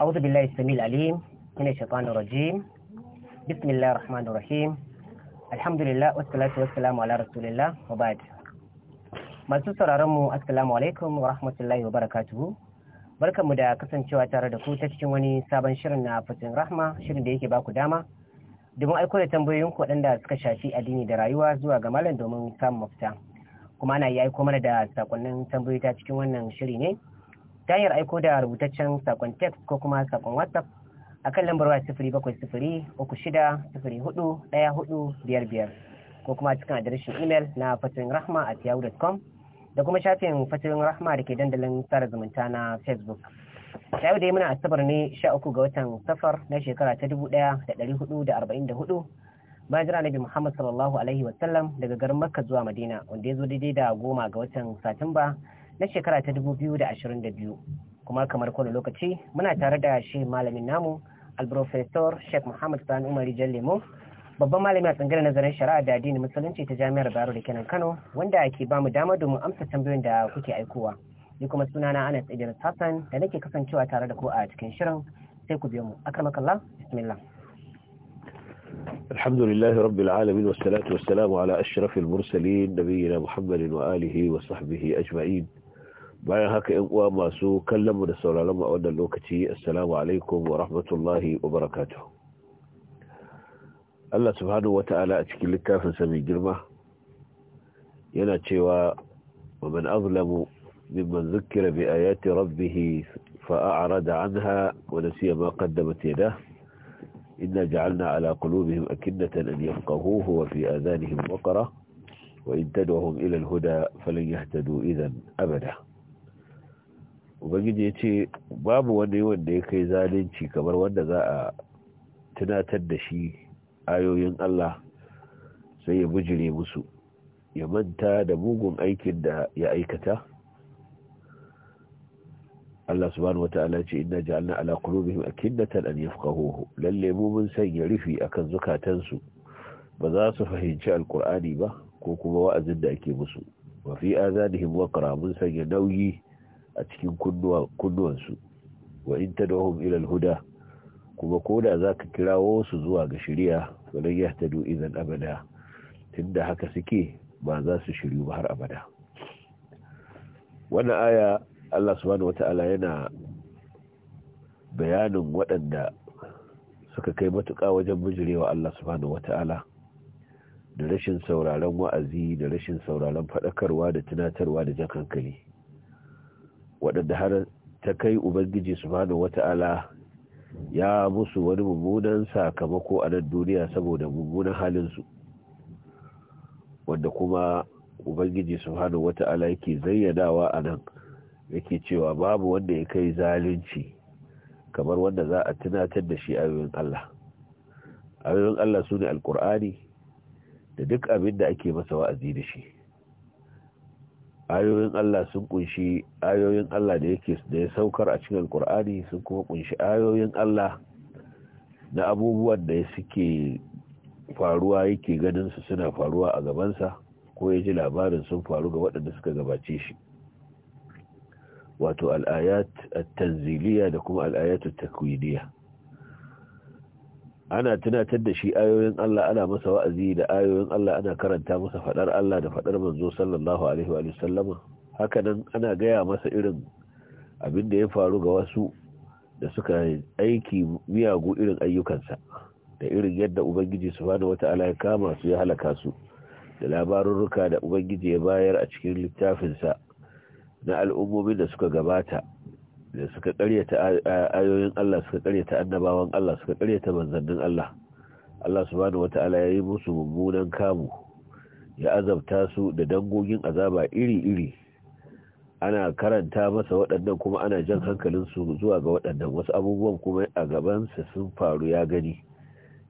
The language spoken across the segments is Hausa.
أعوذ بالله السميع العليم من الشيطان الرجيم بسم الله الرحمن الرحيم الحمد لله والصلاة masu sauraron mu assalamu alaikum wa rahmatullahi wa barakatuhu barkanmu da kasancewa tare da ku ta cikin wani sabon shirin na fatin rahma shirin da yake baku dama domin aiko da tambayoyin ku waɗanda suka shafi addini da rayuwa zuwa ga malam domin samun mafita kuma ana iya aiko mana da sakonnin tambayoyi ta cikin wannan shiri ne ta hanyar aiko da rubutaccen sakon text ko kuma sakon whatsapp akan lambar waya sifiri bakwai 04 uku shida sifiri hudu ɗaya hudu biyar biyar ko kuma cikin adireshin imel na fatirin rahma at yahoo.com da kuma shafin fatirin rahma da ke dandalin tsara zumunta na facebook yau dai muna asabar ne sha uku ga watan safar na shekara ta dubu ɗaya da da arba'in da hudu bayan jira nabi muhammad sallallahu alaihi wasallam daga garin makka zuwa madina wanda ya zo daidai da goma ga watan satumba na shekara ta 2022 kuma kamar kowane lokaci muna tare da shi malamin namu alprofesor sheikh muhammad sani umar lemo babban malami a tsangaren nazarin shari'a da addinin musulunci ta jami'ar bayero da kenan kano wanda ke bamu dama domin amsa tambayoyin da kuke aikowa ni kuma sunana anas idris hassan da nake kasancewa tare da ku a cikin shirin sai ku biyo mu akramakallah bismillah الحمد لله رب العالمين والصلاة والسلام على أشرف المرسلين نبينا محمد وآله وصحبه أجمعين bayan haka yan uwa masu kallonmu da sauraronmu a wannan lokaci assalamu alaikum wa rahmatullahi wa barakatuh Allah subhanahu wa ta’ala a cikin littafin sa mai girma yana cewa wa man azlamu mimman zukira bi ayati rabbih fa a'rada anha wa nasiya ma qaddamat yadah inna ja'alna ala qulubihim akinnatan an yafqahuhu wa fi adanihim waqra وإن تدعهم إلى الهدى فلن يهتدوا إذا abada. ubangiji ya ce babu wani wanda ya kai zalunci kamar wanda za a tunatar da shi ayoyin Allah sai ya bujire musu ya manta da mugun aikin da ya aikata Allah subhanahu wata'ala ce inna ja'alna ala qulubihim akinnatan an yafqahuhu lalle mu mun sanya rufi akan zukatansu ba za su fahimci alqur'ani ba ko kuma wa'azin da ake musu wa fi azanihim waqra mun sanya nauyi a cikin kunnuwansu wa in ta huda kuma huda kuma za ka kirawo su zuwa ga ya ta du idan abada tunda haka suke ba za su shiryu ba har abada wannan aya Allah subhanahu ala yana bayanin waɗanda suka kai matuƙa wajen bijirewa Allah subhanahu ala da rashin sauraron wa'azi da rashin sauraron faɗakarwa da tunatarwa da jan hankali waɗanda har ta kai ubangiji subhanahu wata'ala ya musu wani mummunan sakamako a nan duniya saboda mummunan halinsu wanda kuma ubangiji subhanahu wata'ala yake zayyadawa a nan yake cewa babu wanda ya kai zalunci kamar wanda za a tunatar da shi ayoyin Allah ayoyin Allah su ne alkur'ani da duk abin da ake masa wa'azi da shi ayoyin Allah sun kunshi ayoyin Allah da yake da ya saukar a cikin qur'ani sun kuma kunshi ayoyin Allah na abubuwan da suke faruwa yake ganin su suna faruwa a gabansa ko ya ji labarin sun faru ga waɗanda suka gabace shi wato al-ayat at-tanziliya da kuma al-ayat at-takwiniya ana tunatar da shi ayoyin Allah ana masa wa'azi da ayoyin Allah ana karanta masa fadar Allah da fadar manzo sallallahu alaihi wa sallama hakanan ana gaya masa irin abin da ya faru ga wasu da suka aiki miyagu irin ayyukansa da irin yadda ubangiji subhanahu wata'ala ya kama su ya halaka su da labarurruka da ubangiji ya bayar a cikin littafinsa na al'ummomin da suka gabata da suka karyata ayoyin Allah suka karyata annabawan Allah suka karyata manzannin Allah Allah subhanahu wata'ala ya yi musu mummunan kamu ya azabta su da dangogin azaba iri-iri ana karanta masa waɗannan kuma ana jan hankalin su zuwa ga waɗannan wasu abubuwan kuma a gabansa sun faru ya gani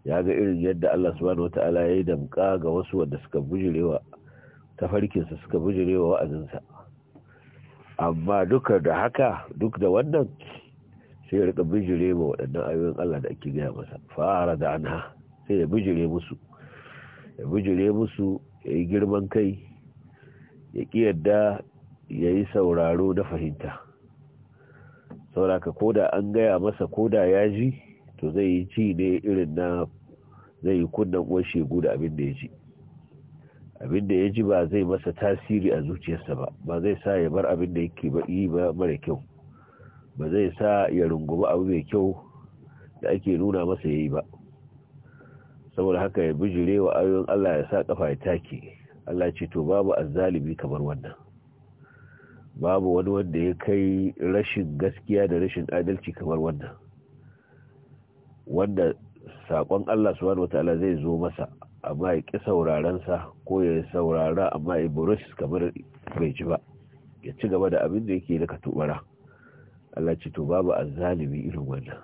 ya ga irin yadda Allah subhanahu wata'ala ya yi damka ga wasu wanda suka bujirewa tafarkinsa suka bujirewa wa'azinsa amma duka da haka duk da wannan sai ya rika bijire ma waɗannan ayoyin Allah da ake gaya masa fara da ana sai ya bijire musu ya bijire musu ya yi girman kai ya ƙi yadda ya yi sauraro na fahimta sauraka ko da an gaya masa koda ya ji to zai yi ci ne irin na zai yi kunnan uwar shegu da abin da ya ji abin da ya ji ba zai masa tasiri a zuciyarsa ba ba zai sa ya bar abin da yake yi ba mara kyau ba zai sa ya rungumi abu mai kyau da ake nuna masa ya yi ba saboda haka ya bijire wa ayoyin Allah ya sa kafa ya take Allah ce to babu azzalimi kamar wannan babu wani wanda ya kai rashin gaskiya da rashin adalci kamar wannan wanda saƙon Allah subhanahu wataala zai zo masa amma ya ƙi saurarensa ko ya saurara amma ya burush kamar bai ji ba ya ci gaba da abin da yake daga tubara Allah ce to babu zalibi irin wannan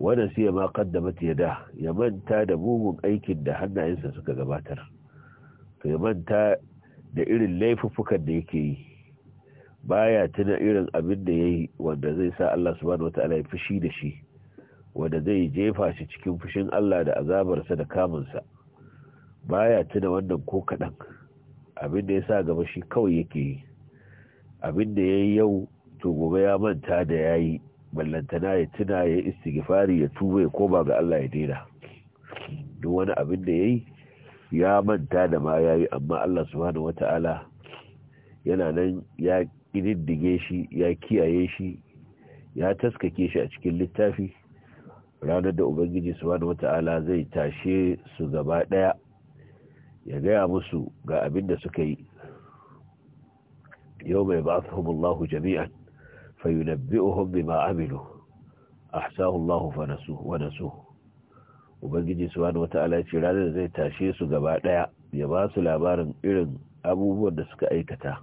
wannan sai ma qaddamat yada ya manta da mugun aikin da hannayensa suka gabatar to ya manta da irin laifuffukan da yake yi baya tuna irin abin da ya yi wanda zai sa Allah subhanahu wataala ya fushi da shi wanda zai jefa shi cikin fushin Allah da azabarsa da kamunsa baya tuna wannan ko kaɗan abin da ya sa gaba shi kawai yake yi abin da ya yi yau to gobe ya manta da ya yi ballantana ya tuna ya istighfari ya tuba ya koma ga Allah ya daina duk wani abin da ya yi ya manta da ma ya yi amma Allah subhanahu wata'ala yana nan ya kididdige shi ya kiyaye shi ya taskake shi a cikin littafi ranar da ubangiji subhanahu wata'ala zai tashe su gaba ɗaya ya gaya musu ga abin da suka yi yau mai ba'athahumullahu jami'an fayunabbi'uhum bima amilu ahsahu Allahu fa nasu wa nasu ubangiji wani wata'ala ce ranar zai tashe su gaba daya ya ba su labarin irin abubuwan da suka aikata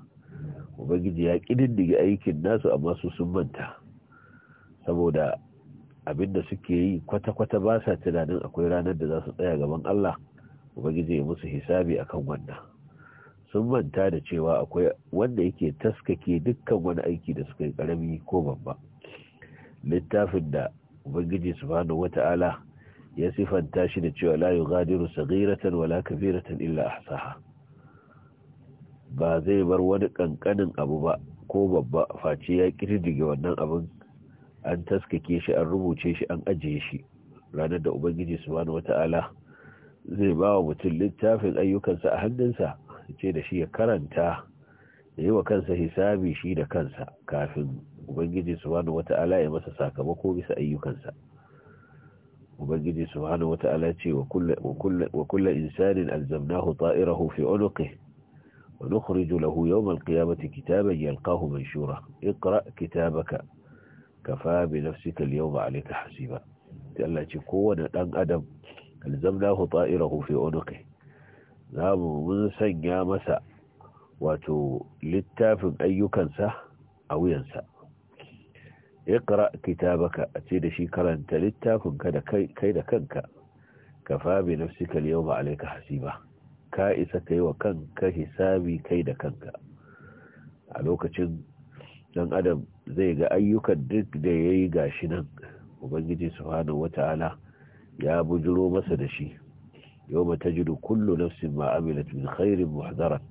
ubangiji ya kididdige aikin nasu amma su sun manta saboda abinda suke yi kwata-kwata ba sa tunanin akwai ranar da za su tsaya gaban Allah ubangiji ya musu hisabi akan wannan sun manta da cewa akwai wanda yake taskake dukkan wani aiki da suka yi karami ko babba littafin da ubangiji subhanahu wata'ala ya sifanta shi da cewa la yughadiru saghiratan wala kabiratan illa ahsaha ba zai bar wani kankanin abu ba ko babba face ya kirdige wannan abin an taskake shi an rubuce shi an ajiye shi ranar da ubangiji subhanahu wata'ala zai ba wa mutum littafin ayyukansa a hannunsa ce da shi ya karanta da yi wa kansa hisabi shi da kansa kafin ubangiji subhanahu wata'ala ya masa sakamako bisa ayyukansa ubangiji subhanahu wata'ala ce wa kullu insanin alzamnahu ta'irahu fi unuqi wa nukhriju lahu yawm yalkahu kitaban yalqahu manshura iqra kitabaka kafa bi nafsika alyawma alayka hasiba Allah ce kowane dan adam alzamnahu ta'irahu fi unuqi zamu mun sanya masa wato littafin ayyukansa a wuyansa iqra kitabaka a ce da shi karanta littafin ka da kai da kanka kafa bi nafsika al-yawma alayka hasiba ka isa kai wa kanka hisabi kai da kanka a lokacin dan adam zai ga ayyukan duk da yayi gashi nan ubangiji subhanahu wataala ya bujiro masa da shi yau ba ta jiru kullu nafsin ma amilat min khairin muhdaran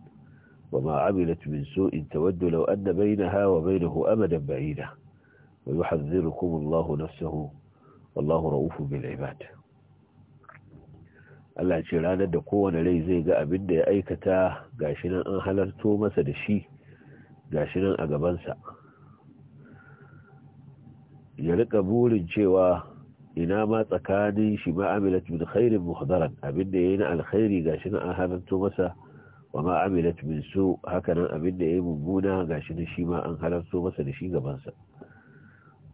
wa ma amilat min su'in tawaddu law anna bainaha wa bainahu amadan ba'ida wa yuhadhdhirukum Allahu nafsahu wallahu ra'ufun bil ibad Allah ce ranar da kowane rai zai ga abin da ya aikata gashi nan an halarto masa da shi gashi nan a gabansa ya rika burin cewa ina ma tsakanin shi ma amilat min khairin muhdaran abinda yayi na alkhairi gashi na an masa wa ma amilat min su hakanan abinda yayi mummuna gashi na shi ma an halanto masa da shi gaban sa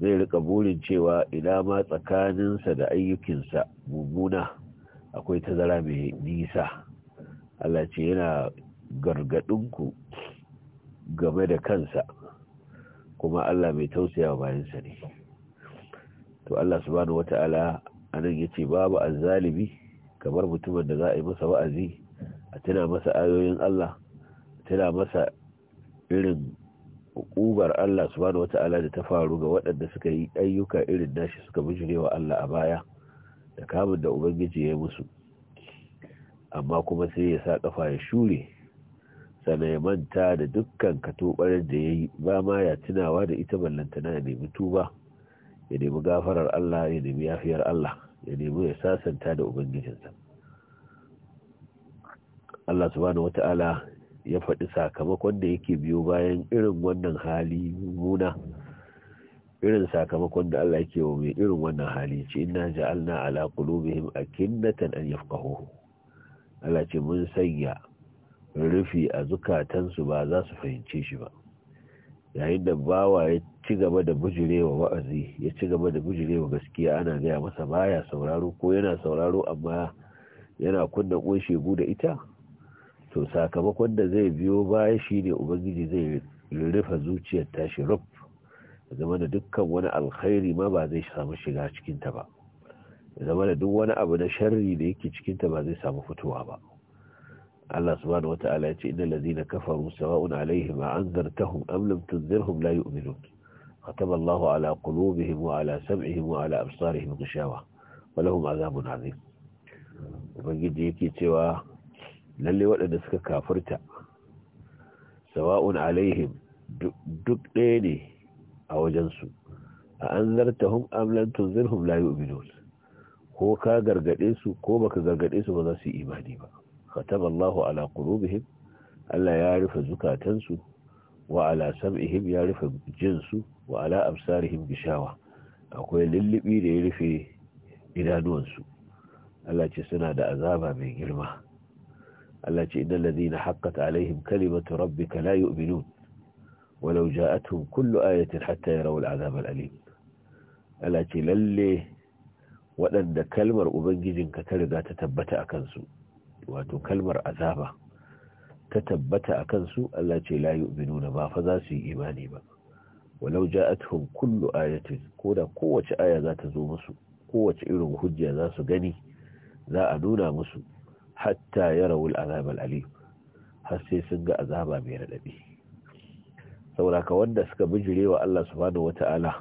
zai rika burin cewa ina ma tsakaninsa da ayyukin sa mummuna akwai tazara mai nisa Allah ce yana gargadin ku game da kansa kuma Allah mai tausayawa bayan bayansa ne to Allah subhanahu wata'ala anan yace babu azzalibi kamar mutumin da za a yi masa wa'azi a tana masa ayoyin Allah tana masa irin hukubar Allah subhanahu wata'ala da ta faru ga waɗanda suka yi ayyuka irin nashi suka bijirewa Allah a baya da kamun da ubangiji ya yi musu amma kuma sai ya sa kafa ya shure sannan ya manta da dukkan katobar da ya yi ba ma ya tunawa da ita ballantana ya nemi tuba ya nemi gafarar Allah ya nemi yafiyar Allah ya nemi ya sasanta da ubangijinsa Allah subhanahu wata'ala ya faɗi sakamakon da yake biyo bayan irin wannan hali muna irin sakamakon da Allah yake wa mai irin wannan hali ce inna ja'alna ala qulubihim akinnatan an yafqahu Allah ce mun sanya rufi a zukatansu ba za su fahimce shi ba yayin da bawa ya ci gaba da bujurewa wa'azi ya ci gaba da bujurewa gaskiya ana gaya masa baya sauraro ko yana sauraro amma yana kunna kunshe da ita to sakamakon da zai biyo baya shine ubangiji zai rufe zuciyar tashi rub zama da dukkan wani alkhairi ma ba zai samu shiga cikinta ba zama da duk wani abu na sharri da yake cikinta ba zai samu fitowa ba Allah subhanahu wata'ala ya ce innal ladina kafaru sawa'un alaihim a anzartahum am lam tunzirhum la yu'minun khatama Allah ala qulubihim wa ala sam'ihim wa ala absarihim ghishawa wa lahum azabun azim ubangiji yake cewa lalle waɗanda suka kafirta sawa'un alaihim duk ɗaya ne a wajensu a an zartahum am lam tunzirhum la yu'minun ko ka gargade su ko baka gargade su ba za su yi imani ba kataballahu ala qulubihim Allah ya rufe zukatansu wa ala sam'ihim ya rufe jinsu wa ala absarihim gishawa akwai lulluɓi da ya rufe idanuwansu Allah ce suna da azaba mai girma Allah ce idan ladina haqqat alaihim kalimatu rabbika la yu'minun walau ja'atuhum kullu ayatin hatta yarawul azab al Allah ce lalle waɗanda kalmar ubangijinka ta riga ta tabbata a kansu wato kalmar azaba ta tabbata a kansu Allah ce la nuna ba fa za su yi imani ba walau ja'atuhum kullu ayatin koda kowace aya za ta zo musu kowace irin hujja za su gani za a nuna musu hatta yarawul azab al-alim har sai sun ga azaba mai raɗaɗi saboda wanda suka bijire wa Allah subhanahu wata'ala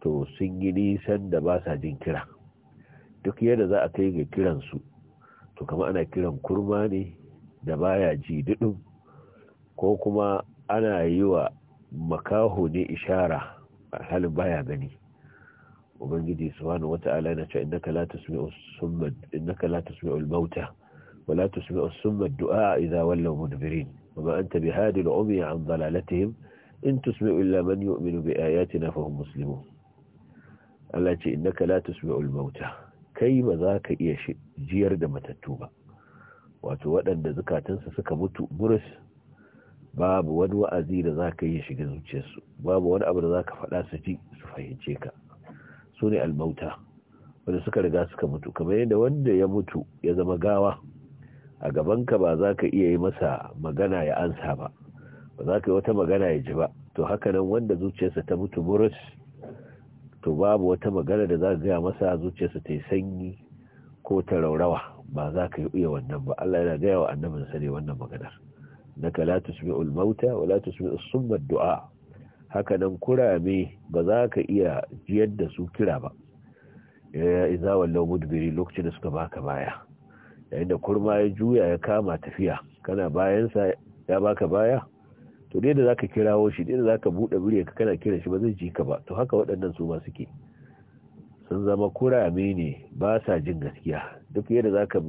to sun yi nisan da ba sa jin kira duk yadda za a kai ga kiransu to kama ana kiran kurma ne da baya ji duɗin ko kuma ana yi wa makaho ne ishara a halin baya gani ubangiji subhanahu wata'ala na ce innaka la tusmi'u summa innaka la tusmi'u al-mauta wa la tusmi'u summa ad-du'a idha wallaw mudbirin wa ma anta bihadi al-ummi an dalalatihim in tusmi'u illa man yu'minu bi ayatina fa hum muslimun Allah ce innaka la tusmi'u al-mauta kai ba za ka iya jiyar da matattu ba wato waɗanda zukatansu suka mutu buris babu wani wa'azi da za ka yi shiga zuciyarsu babu wani abu da za ka faɗa su ji su fahimce ka su ne almauta wanda suka riga suka mutu kamar yadda wanda ya mutu ya zama gawa a gabanka ba za ka iya yi masa magana ya ansa ba ba za ka yi wata magana ya ji ba to haka nan wanda zuciyarsa ta mutu buris to babu wata magana da za ka gaya masa zuciyarsa ta yi sanyi ko ta raurawa ba za ka yi iya wannan ba Allah yana gaya wa sa ne wannan maganar naka la tusmi'ul mauta wa la tusmi'us summa du'a haka nan kurame ba za ka iya jiyar da su kira ba ya eh, iza wallahu mudbiri lokacin da suka baka baya yayin da kurma ya juya ya kama tafiya kana bayansa ya baka baya to dai da zaka kirawo shi dai da zaka bude bure ka kana kira shi ba zai ji ka ba to haka waɗannan su ba suke sun zama kurame ne ba sa jin gaskiya duk yadda zaka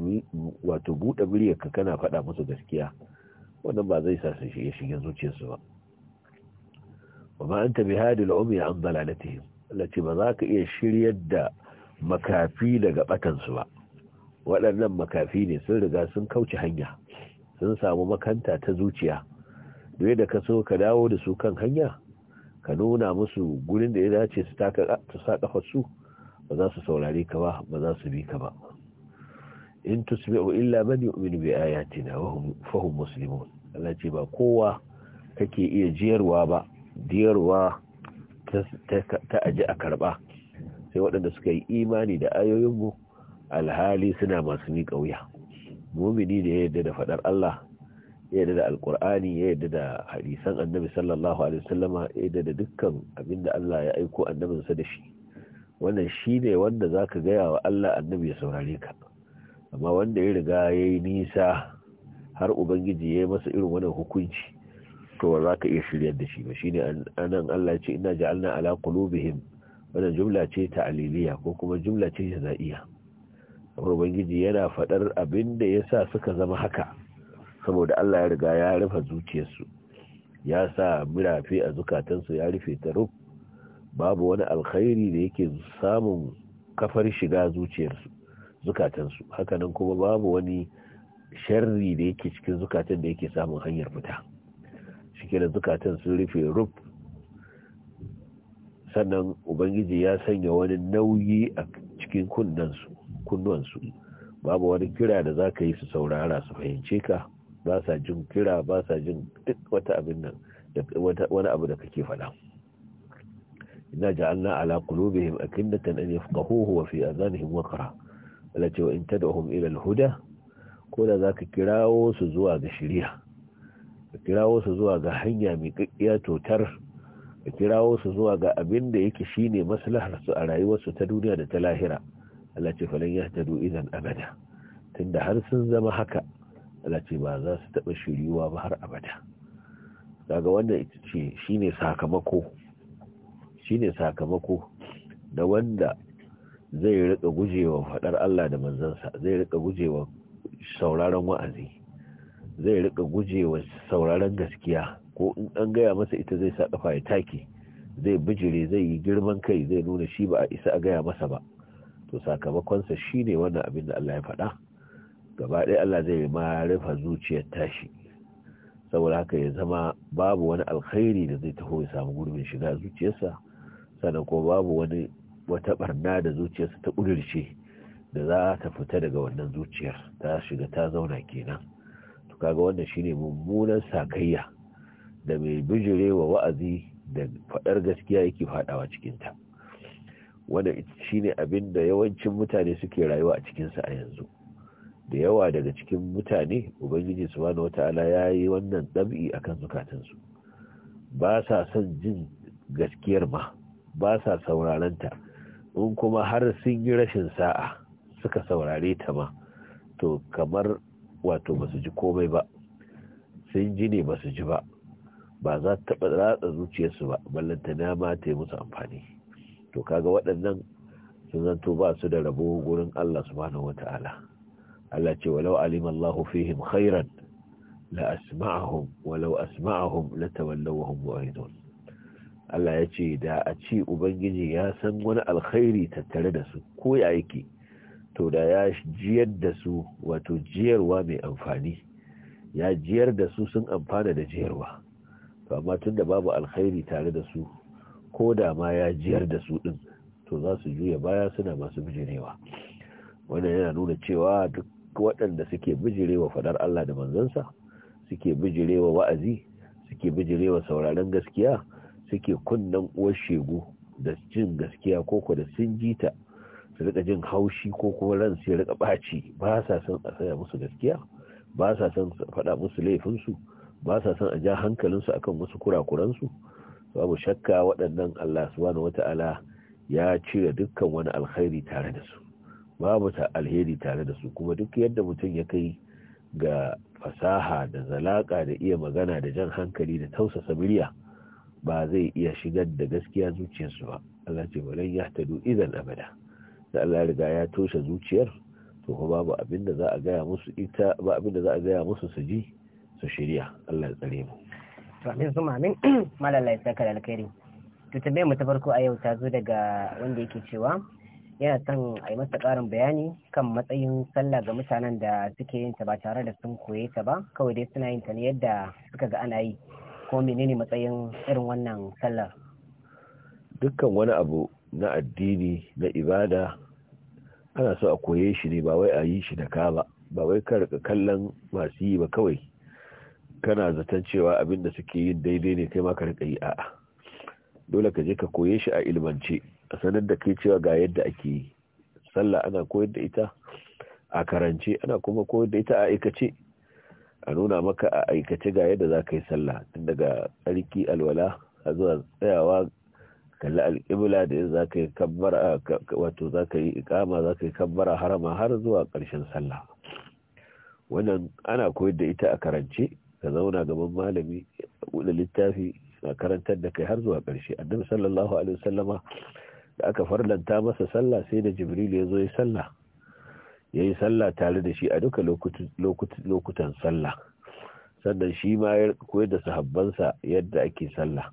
wato bude bure ka kana faɗa musu gaskiya wannan ba zai sa su shige shigen zuciyarsu ba wa ma anta hadi al umi an dalalatihim lati ba za ka iya shiryar da makafi daga batansu ba waɗannan makafi ne sun riga sun kauce hanya sun samu makanta ta zuciya duk da ka so ka dawo da su kan hanya ka nuna musu gurin da ya dace su sa kafar su ba za su saurare ka ba ba za su bi ka ba in tusmi'u illa man yu'minu bi ayatina wa hum fahum muslimun Allah ce ba kowa kake iya jiyarwa ba diyarwa ta aji a karba sai waɗanda suka yi imani da ayoyin mu alhali suna masu ni kauya mumini da ya yarda da fadar Allah ya yadda da alkur'ani ya yarda da hadisan annabi sallallahu alaihi wasallama ya yadda da dukkan abinda Allah ya aiko sa da shi wannan shine wanda za ka gaya wa Allah annabi ya saurare ka amma wanda ya riga ya yi nisa har ubangiji ya yi masa irin wannan hukunci to ba za iya shiryar da shi ba shi ne anan Allah ce ina ja'alna ala qulubihim wannan jumla ce taliliya ko kuma jumla ce jaza'iya ubangiji yana faɗar abinda yasa ya sa suka zama haka saboda Allah ya riga ya rufe zuciyarsu ya sa mirafe a zukatansu ya rufe ta rub babu wani alkhairi da yake samun kafar shiga zuciyarsu zukatansu hakanan kuma babu wani sharri da yake cikin zukatan da yake samun hanyar fita shike da zukatan sun rufe rub sannan ubangiji ya sanya wani nauyi a cikin kunnansu kunnuwansu babu wani kira da zaka yi su saurara su fahimce ka ba sa jin kira ba sa jin duk wata abin nan wani abu da kake faɗa ina ja'alna ala qulubihim akinnatan an yafqahuhu wa fi adhanihim waqra allati wa in tad'uhum ila al-huda ko da zaka kirawo su zuwa ga shari'a ka kirawo su zuwa ga hanya mai kakkiya totar ka kirawo su zuwa ga abin da yake shine maslahar su a rayuwarsu ta duniya da ta lahira Allah ce falan yahtadu idan abada tunda har sun zama haka Allah ce ba za su taɓa shiryuwa ba har abada daga wanda ita ce shi ne sakamako shi sakamako da wanda zai rika gujewa faɗar Allah da manzansa zai rika gujewa sauraron wa'azi zai rika gujewa sauraron gaskiya ko in an gaya masa ita zai sa kafa ya take zai bijire zai yi girman kai zai nuna shi ba a isa a gaya masa ba to sakamakonsa shi ne wannan abin da Allah ya faɗa gaba ɗaya Allah zai ma rufa zuciyar tashi saboda haka ya zama babu wani alkhairi da zai taho ya samu gurbin shiga zuciyarsa sannan ko babu wani wata barna da zuciyarsa ta ƙudurce da za ta fita daga wannan zuciyar ta shiga ta zauna kenan to kaga wannan shine mummunan sakayya da mai bijire wa'azi da faɗar gaskiya yake faɗawa cikinta wannan shine abin da yawancin mutane suke rayuwa a cikinsa a yanzu da yawa daga cikin mutane ubangiji subhanahu wata'ala ya yi wannan a kan zukatansu ba sa son jin gaskiyar ma ba sa saurarenta in kuma har sun yi rashin sa'a suka saurare ta ma to kamar wato ba su ji komai ba sun ji ne ba su ji ba ba za ta taɓa ratsa zuciyarsu ba ballanta na ma ta yi musu amfani to kaga waɗannan sun zanto ba su da rabo gurin Allah subhanahu wata'ala Allah ce walau alim fihim khairan la asma'ahum walau asma'ahum la mu'ridun Allah ya ce da a ce ubangiji ya san wani alkhairi tattare da su ko ya yake to da ya jiyar da su wato jiyarwa mai amfani ya jiyar da su sun amfana da jiyarwa to amma tunda babu alkhairi tare da su ko da ma ya jiyar da su din to za su juya baya suna masu bijirewa wannan yana nuna cewa duk waɗanda suke bijirewa faɗar Allah da manzansa suke bijirewa wa'azi suke bijirewa sauraron gaskiya suke kunnan uwar shegu da jin gaskiya ko da sun jita su rika jin haushi ko kuma ran su rika ɓaci ba sa son a saya musu gaskiya ba sa son faɗa musu laifinsu ba sa son a ja hankalinsu akan musu kurakuransu babu shakka waɗannan Allah subhanahu wata'ala ya cire dukkan wani alkhairi tare da su babu ta alheri tare da su kuma duk yadda mutum ya kai ga fasaha da zalaka da iya magana da jan hankali da tausasa miliya ba zai iya shigar da gaskiya zuciyarsu ba Allah ce ya tadu idan abada da Allah riga ya toshe zuciyar to kuma babu abin da za a gaya musu ita ba abin da za a gaya musu su ji su shirya Allah ya tsare mu to amin su amin malalla ya saka alkhairi to tambayar mu ta farko a yau ta zo daga wanda yake cewa yana son a yi masa ƙarin bayani kan matsayin sallah ga mutanen da suke yin ta ba tare da sun koye ta ba kawai dai suna yin ta ne yadda suka ga ana yi ko menene matsayin irin wannan sallar dukkan wani abu na addini na ibada ana so a koye shi ne ba wai a yi shi da ka ba ba wai ka rika kallon masu yi ba kawai kana zaton cewa abin da suke yin daidai ne kai ma ka rika yi a'a dole ka je ka koye shi a ilmance a sanar da kai cewa ga yadda ake yi sallah ana koyar da ita a karance ana kuma koyar da ita a aikace a nuna maka a aikace ga yadda za ka yi sallah tun daga tsarki alwala a zuwa tsayawa kalli alƙibla da yadda za ka yi kabbara wato za ka yi ikama za ka yi kabbara harama har zuwa ƙarshen sallah wannan ana koyar da ita a karance ka zauna gaban malami buɗe littafi a karantar da kai har zuwa ƙarshe annabi sallallahu alaihi wasallama da aka farlanta masa sallah sai da jibril ya zo ya sallah ya yi sallah tare da shi a duka lokutan sallah sannan shi ma ya koyar da sahabbansa yadda ake sallah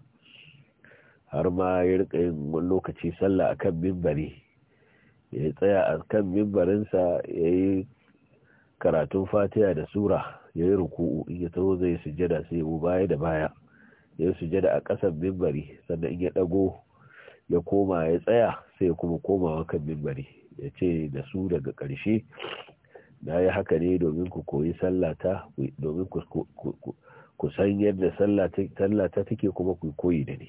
har ma ya rika yin lokaci sallah akan mimbari ya tsaya a kan mimbarinsa ya yi karatun fatiha da sura ya yi ruku'u in ya taho zai sujada sai ya baya da baya ya sujada a ƙasan mimbari sannan in ya ɗago ya koma ya tsaya sai ya kuma komawa kan mimbari ya ce da su daga karshe na yi haka ne domin ku koyi sallata domin ku san yadda sallata take kuma ku koyi da ni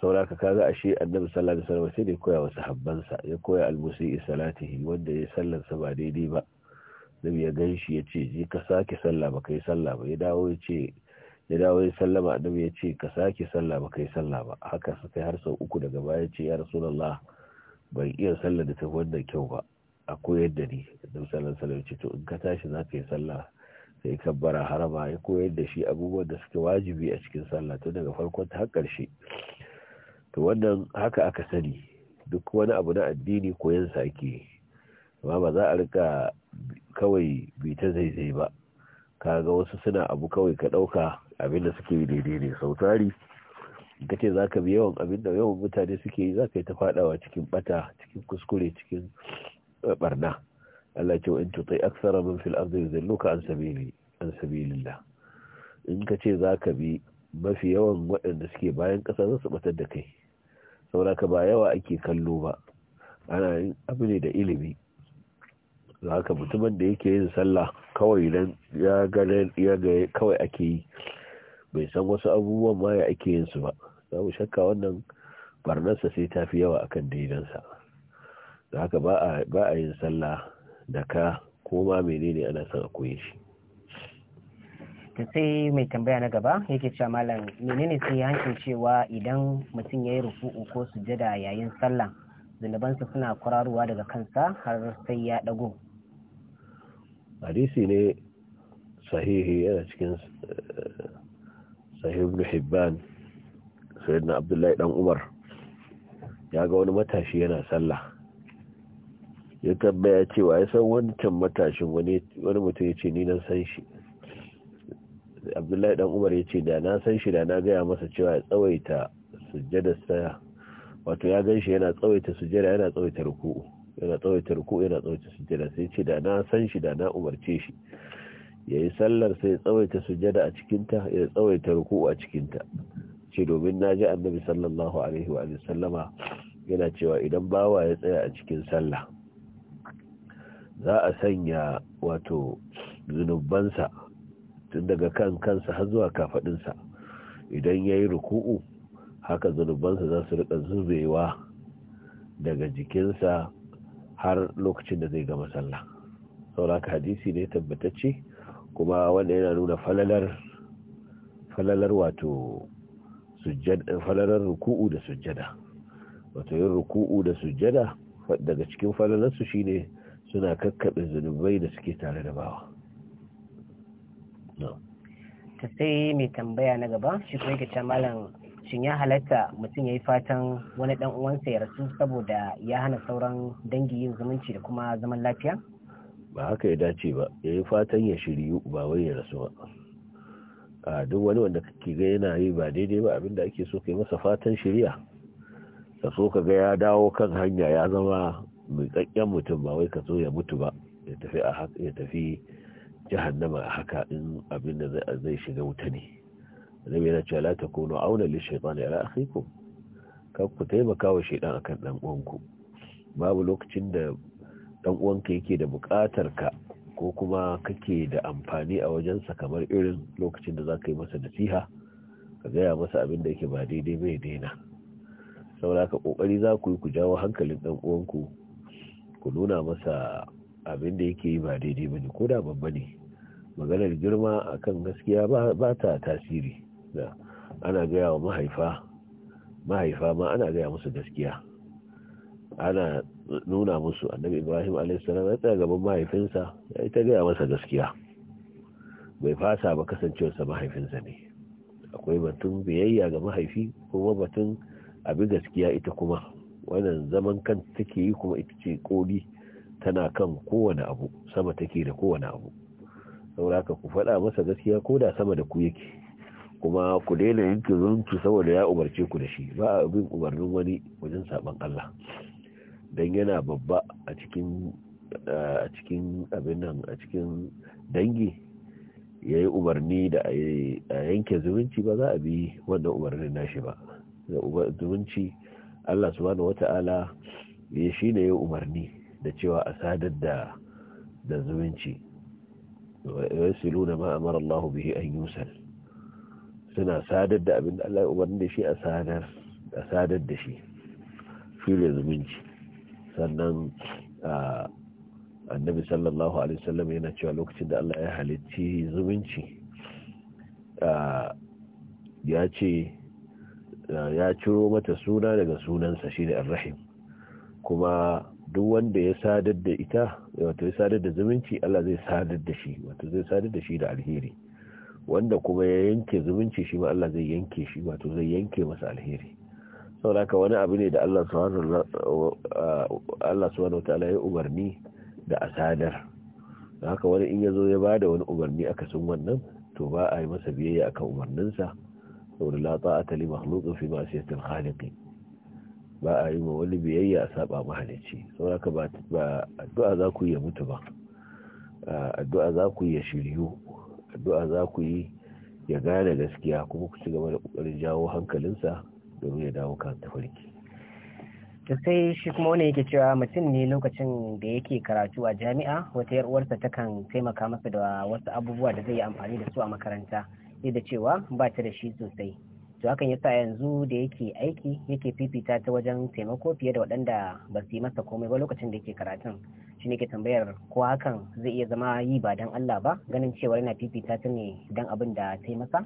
sauraka kaga ashe annabi sallallahu alaihi wasallam sai da koya wa sahabbansa ya koya almusi salatihi wanda ya sallansa ba daidai ba nabi ya ganshi ya ce je ka sake sallah ba kai sallah ba ya dawo ya ce ya dawo ya sallama annabi ya ce ka sake sallah ba kai sallah ba haka suka yi har sau uku daga baya ce ya rasulullah ban iya sallah da ta wannan kyau ba a koyar da ni annabi sallallahu alaihi ce to in ka tashi za ka yi sallah sai ka bara harama ya koyar da shi abubuwan da suke wajibi a cikin sallah tun daga farkon ta karshe to wannan haka aka sani duk wani abu na addini koyan sa ake amma ba za a rika kawai bi ta zaizai ba kaga wasu suna abu kawai ka ɗauka abinda suke yi daidai ne sautari ka ce za ka bi yawan abinda yawan mutane suke yi za ka yi ta faɗawa cikin ɓata cikin kuskure cikin barna eh, Allah ce wa'in in tutai aksara min fil arzu yi zai loka an Lilla. in ka ce za ka bi mafi yawan waɗanda suke bayan ƙasa za su batar da kai saboda ka ba yawa ake kallo ba ana yin abu ne da ilimi za ka mutumin da yake yin sallah kawai idan ya gane ya ga kawai ake yi bai san wasu abubuwan ma ya ake yin su ba za mu shakka wannan barnarsa sai ta fi yawa akan daidansa za ka ba a yin sallah da ka ko ma menene ana son a koyi shi ta sai mai tambaya na gaba yake cewa malam menene sai hankin cewa idan mutum ya yi ruku'u ko sujada yayin sallah zunubansa suna kwararowa daga kansa har sai ya dago hadisi ne sahihi yana cikin eh, sahih ibn hibban na abdullahi dan umar ya ga wani matashi yana sallah ya tabbaya cewa ya san wancan matashin wani mutum ya ce ni nan san shi abdullahi dan umar ya ce da na san shi da na gaya masa cewa ya tsawaita sujjada saya wato ya gan yana tsawaita sujjada yana tsawaita ruku'u yana tsawaita ruku yana tsawaita sujada sai ce da na san shi da na umarce shi ya yi sallar sai tsawaita sujada a cikinta ya tsawaita ruku a cikinta ce domin na ji annabi sallallahu alaihi wa sallama yana cewa idan bawa ya tsaya a cikin sallah za a sanya wato zunubansa tun daga kan kansa har zuwa kafadinsa idan ya yi ruku'u haka zunubansa za su rika zubewa daga jikinsa har lokacin da zai gama sallah sauraka hadisi ne tabbatacce kuma wanda yana nuna falalar falalar wato falalar ruku'u da sujjada wato yin ruku'u da sujjada daga cikin falalarsu shine suna kakkaɓe zunubai da suke tare da bawa ta sai mai tambaya na gaba shi kuma yake malam shin ya halatta mutum ya yi fatan wani dan uwansa ya rasu saboda ya hana sauran dangi yin zumunci da kuma zaman lafiya ba haka ya dace ba ya yi fatan ya shiryu ba wai ya rasu ba a duk wani wanda kake ga yana yi ba daidai ba abinda ake so kai masa fatan shirya ka so ka ga ya dawo kan hanya ya zama mai kakken mutum ba wai ka so ya mutu ba ya tafi a haka jahannama a haka in abin zai shiga wuta ne annabi yana cewa la takunu auna li shaytan ya akhikum ka ku taimaka wa shaytan akan dan uwanku babu lokacin da dan uwanka yake da bukatar ka ko kuma kake da amfani a wajensa kamar irin lokacin da zaka yi masa nasiha ka gaya masa abin da yake ba daidai bai daina saboda ka kokari za ku yi ku jawo hankalin dan uwanku ku nuna masa abin da yake yi ba daidai bane ko da babba ne maganar girma akan gaskiya ba ta tasiri da ana gaya wa mahaifa mahaifa ma ana gaya musu gaskiya ana nuna musu annabi ibrahim alaihissalam ya tsaya gaban mahaifinsa ya ta gaya masa gaskiya bai fasa ba kasancewarsa mahaifinsa ne akwai batun biyayya ga mahaifi kuma batun abin gaskiya ita kuma wannan zaman kan take yi kuma ita ce koli tana kan kowane abu sama take da kowane abu saboda ku faɗa masa gaskiya ko da sama da ku yake kuma ku daina yanke zuntu saboda ya umarce ku da shi ba a bin umarnin wani wajen saban Allah don yana babba a cikin abin nan a cikin dangi ya yi umarni da a yanke zumunci ba za a bi wannan umarnin nashi ba zumunci Allah subhanahu wata'ala ya eh, shi ne ya umarni da cewa a sadar da da zumunci wa yasiluna ma amara Allah bihi an yusal suna sadar da abin da Allah ya umarni da shi a sadar da shi shirya zumunci sannan annabi sallallahu alaihi wasallam yana cewa lokacin da Allah ya halicci zumunci ya ce ya ciro mata suna daga sunansa shi ar-rahim kuma duk wanda ya sadar da ita wato ya sadar da zumunci Allah zai sadar da shi wato zai sadar da shi da alheri wanda kuma ya yanke zumunci shi ma Allah zai yanke shi wato zai yanke masa alheri saboda wani abu ne da Allah subhanahu ta'ala ya umarni da asadar haka wani in yazo ya bada wani umarni sun wannan to ba a yi masa biyayya akan umarninsa saboda la ta'ata li makhluqin fi ma'siyatil khaliq ba a yi ma wani biyayya a saba mahalicci saboda ba addu'a za ku yi mutu ba addu'a za ku yi shiryu addu'a za ku yi ya gane gaskiya kuma ku ci gaba da ƙoƙarin jawo hankalinsa domin ya dawo kan tafarki to sai shi kuma wani yake cewa mutum ne lokacin da yake karatu a jami'a wata yar uwarsa takan taimaka masa da wasu abubuwa da zai yi amfani da su a makaranta sai da cewa ba ta da shi sosai to hakan yasa yanzu da yake aiki yake fifita ta wajen taimako fiye da waɗanda ba su yi masa komai ba lokacin da yake karatun shi ne ke tambayar ko hakan zai iya zama yi ba don Allah ba ganin cewa yana fifita ta ne don abin da ta yi masa?